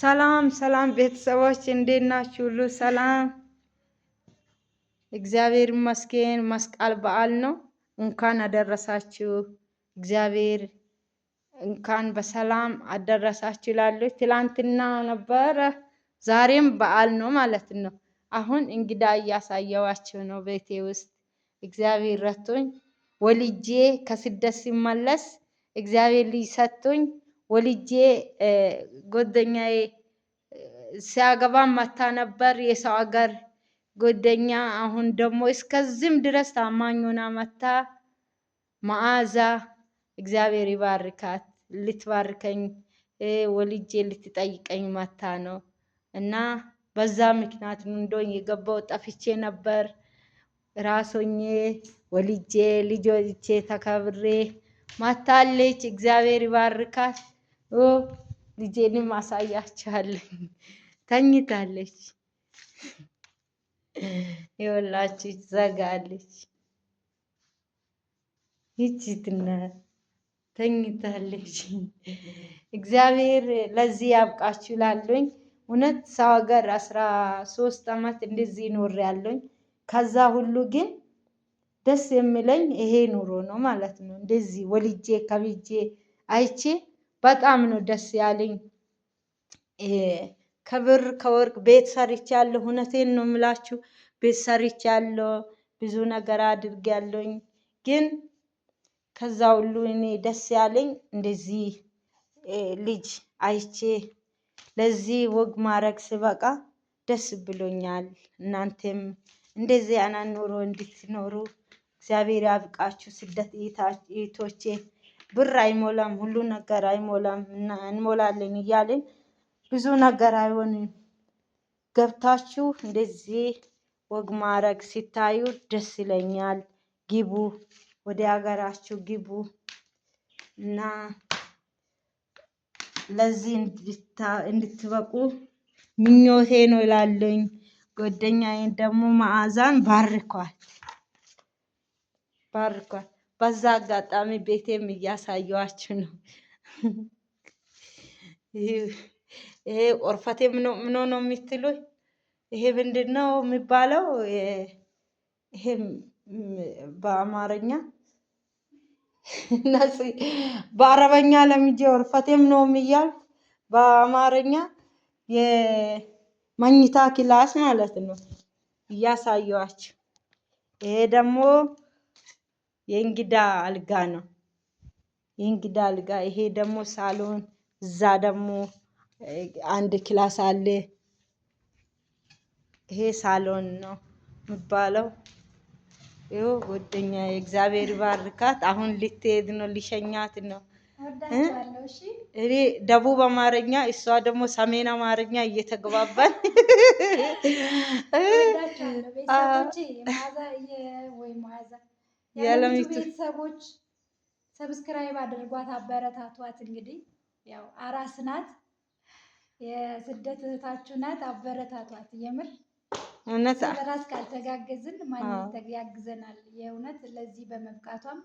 ሰላም ሰላም ቤተሰቦች እንዴት ናችሁ? ሁሉ ሰላም እግዚአብሔር ይመስገን። መስቀል በዓል ነው። እንኳን አደረሳችሁ። እግዚአብሔር እንኳን በሰላም አደረሳችሁ ይላለች። ትላንትና ነበረ፣ ዛሬም በዓል ነው ማለት ነው። አሁን እንግዳ እያሳየዋቸው ነው ቤቴ ውስጥ እግዚአብሔር ረቶኝ ወልጄ ከስደት ሲመለስ እግዚአብሔር ልጅ ሰጥቶኝ ወልጄ ጎደኛዬ ሲያገባ መታ ነበር የሰው ሀገር ጎደኛ አሁን ደግሞ እስከዚህም ድረስ ታማኝ ሆና መታ መዓዛ እግዚአብሔር ይባርካት። ልትባርከኝ ወልጄ ልትጠይቀኝ መታ ነው እና በዛ ምክንያት እንደሆነ የገባው ጠፍቼ ነበር ራሶኜ ወልጄ ልጆቼ ተከብሬ ማታለች። እግዚአብሔር ይባርካት። ልጄንም አሳያችኋለኝ። ተኝታለች፣ የወላችሁ ዘጋለች። ይችትና ተኝታለች። እግዚአብሔር ለዚህ ያብቃችሁ ላለኝ እውነት ሰው ሀገር አስራ ሶስት አመት እንደዚህ ኖር ያለኝ ከዛ ሁሉ ግን ደስ የሚለኝ ይሄ ኑሮ ነው ማለት ነው። እንደዚህ ወልጄ ከብጄ አይቼ በጣም ነው ደስ ያለኝ። ከብር ከወርቅ ቤት ሰርቻለሁ። እውነቴን ነው የምላችሁ ቤት ሰርቻለሁ። ብዙ ነገር አድርጊያለሁኝ። ግን ከዛ ሁሉ እኔ ደስ ያለኝ እንደዚህ ልጅ አይቼ ለዚህ ወግ ማድረግ ስበቃ ደስ ብሎኛል። እናንተም እንደዚህ አይነት ኑሮ እንድትኖሩ እግዚአብሔር ያብቃችሁ። ስደት እህቶቼ ብር አይሞላም፣ ሁሉ ነገር አይሞላም፣ እንሞላለን እያለን ብዙ ነገር አይሆንም። ገብታችሁ እንደዚህ ወግ ማድረግ ሲታዩ ደስ ይለኛል። ግቡ፣ ወደ ሀገራችሁ ግቡ እና ለዚህ እንድትበቁ ምኞቴ ነው ይላለኝ። ጓደኛዬን ደግሞ መዓዛን ባርኳት ባርኳት። በዛ አጋጣሚ ቤቴም እያሳየዋችሁ ነው። ይሄ ቆርፈቴ ምኖ ነው የምትሉ? ይሄ ምንድን ነው የሚባለው? ይሄ በአማርኛ በአረበኛ ለምጄ ወርፈቴም ነው የሚያል በአማርኛ የመኝታ ክላስ ማለት ነው። እያሳየዋችሁ ይሄ ደግሞ የእንግዳ አልጋ ነው። የእንግዳ አልጋ ይሄ ደግሞ ሳሎን፣ እዛ ደግሞ አንድ ክላስ አለ። ይሄ ሳሎን ነው የሚባለው። ይኸው ጓደኛ የእግዚአብሔር ባርካት። አሁን ልትሄድ ነው፣ ሊሸኛት ነው። እኔ ደቡብ አማርኛ እሷ ደግሞ ሰሜን አማርኛ እየተግባባን ወይ የለሚቱ ቤተሰቦች ሰብስክራይብ አድርጓት፣ አበረታቷት። እንግዲህ ያው አራስ ናት፣ የስደት እህታችሁ ናት። አበረታቷት። የምር እውነት በራስ ካልተጋገዝን ማን ያግዘናል? የእውነት ለዚህ በመብቃቷም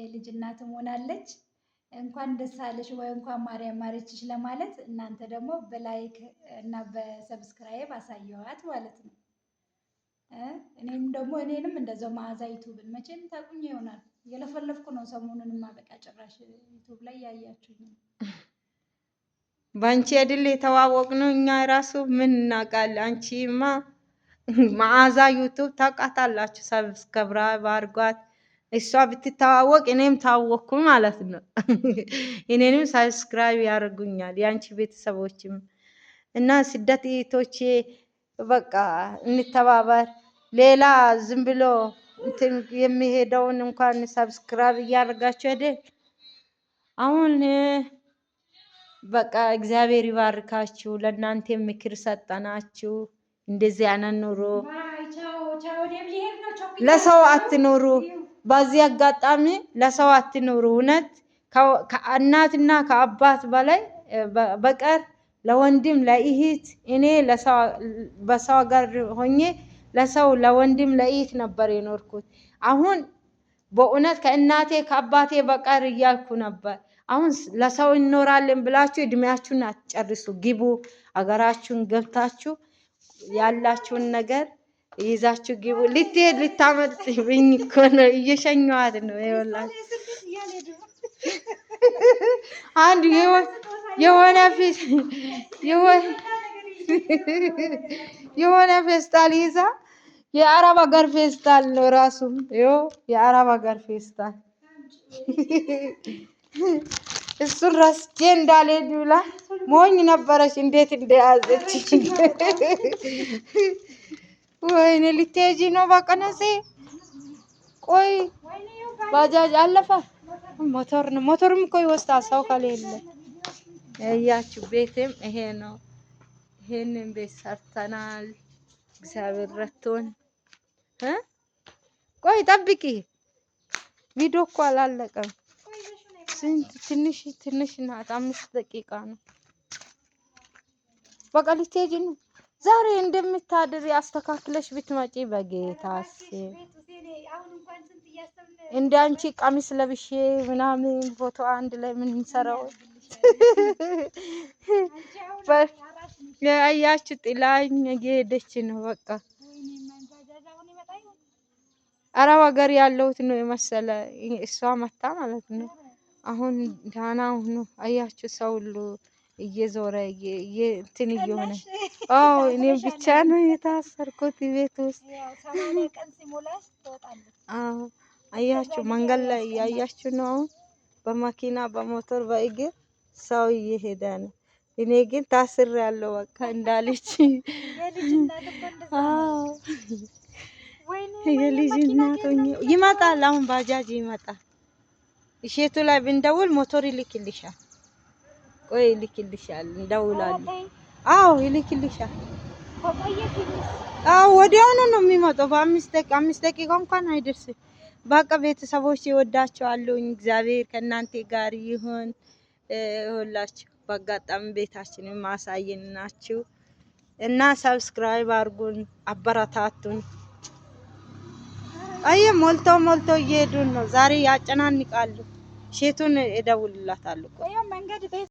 የልጅ እናትም ሆናለች። እንኳን ደስ አለሽ ወይ እንኳን ማርያም ማረችሽ ለማለት እናንተ ደግሞ በላይክ እና በሰብስክራይብ አሳየዋት ማለት ነው። እኔም ደግሞ እኔንም እንደዛው መዓዛ ዩቱብን መቼም ታቁኝ ይሆናል እየለፈለፍኩ ነው። ሰሞኑንማ ማበቃ ጭራሽ ዩቱብ ላይ ያያችሁኝ በአንቺ አይደል የተዋወቅነው እኛ ራሱ ምን እናውቃለን። አንቺማ መዓዛ ዩቱብ ታውቃታላችሁ። ሰብስክራይብ አድርጓት። እሷ ብትተዋወቅ እኔም ታወቅኩ ማለት ነው። እኔንም ሰብስክራይብ ያደርጉኛል የአንቺ ቤተሰቦችም እና ስደት እህቶቼ በቃ እንተባበር። ሌላ ዝም ብሎ የሚሄደውን እንኳን ሰብስክራይብ እያደረጋችሁ ሄደ። አሁን በቃ እግዚአብሔር ይባርካችሁ። ለእናንተ ምክር ሰጠናችሁ። እንደዚህ አይነት ኑሮ ለሰው አትኑሩ። በዚህ አጋጣሚ ለሰው አትኑሩ። እውነት ከእናትና ከአባት በላይ በቀር ለወንድም ለእህት እኔ በሰው ጋር ሆኜ ለሰው ለወንድም ለኢት ነበር የኖርኩት። አሁን በእውነት ከእናቴ ከአባቴ በቀር እያልኩ ነበር። አሁን ለሰው እንኖራለን ብላችሁ እድሜያችሁን አትጨርሱ። ግቡ፣ አገራችሁን ገብታችሁ ያላችሁን ነገር ይዛችሁ ግቡ። ልትሄድ ልታመልጥብኝ እኮ ነው፣ እየሸኘዋት ነው። ይኸውላችሁ አንድ የሆነ ፊት የሆነ ፌስታል ይዛ የአረብ ሀገር ፌስታል ነው ራሱ። ይኸው የአረብ ሀገር ፌስታል እሱን ረስቼ እንዳልሄድ ብላ ሞኝ ነበረች። እንዴት እንደያዘች ወይኔ! ልትሄጂ ነው በቀነሴ? ቆይ ባጃጅ አለፈ። ሞተር ነው ሞተርም እኮ ይወስዳል ሰው ከሌለ። ያያችሁ ቤቴም ይሄ ነው። ይሄንን ቤት ሰርተናል። እግዚአብሔር ረድቶን ቆይ ጠብቂ። ቪዲዮ እኮ አላለቀም። ትንሽ ትንሽ ናት። አምስት ደቂቃ ነው። በቃ ልትሄጂ ነው። ዛሬ እንደምታድሪ አስተካክለሽ ብትመጪ በጌታስ እንደ አንቺ ቀሚስ ለብሼ ምናምን ፎቶ አንድ ላይ ምን እንሰራው? አያችሁ ጥላኝ እየሄደች ነው በቃ አረብ ሀገር ያለሁት ነው የመሰለ እሷ መታ ማለት ነው። አሁን ዳና ሁኑ አያችሁ፣ ሰው ሁሉ እየዞረ እንትን እየሆነ አዎ፣ እኔ ብቻ ነው የታሰርኩት ቤት ውስጥ። አያችሁ፣ መንገድ ላይ እያያችሁ ነው። አሁን በመኪና በሞተር በእግር ሰው እየሄደ ነው። እኔ ግን ታስር ያለው በቃ እንዳለች የልጅ እናት ይመጣል። አሁን ባጃጅ ይመጣል። እሸቱ ላይ ብንደውል ሞቶር ይልክልሻል። ቆይ ይልክልሻል፣ እንደውላለን። አዎ ይልክልሻል። አዎ ወዲያውኑ ነው የሚመጣው። በአምስት ደቂቃ አምስት ደቂቃ እንኳን አይደርስም። በቃ ቤተሰቦች ይወዳቸዋለሁኝ። እግዚአብሔር ከእናንተ ጋር ይሁን። ሁላችሁ በአጋጣሚ ቤታችንን ማሳየን ናችሁ እና ሰብስክራይብ አድርጉን፣ አበረታቱን። አይ ሞልተው ሞልተው እየሄዱን ነው። ዛሬ ያጨናንቃሉ። ሴቱን እደውልላታለሁ።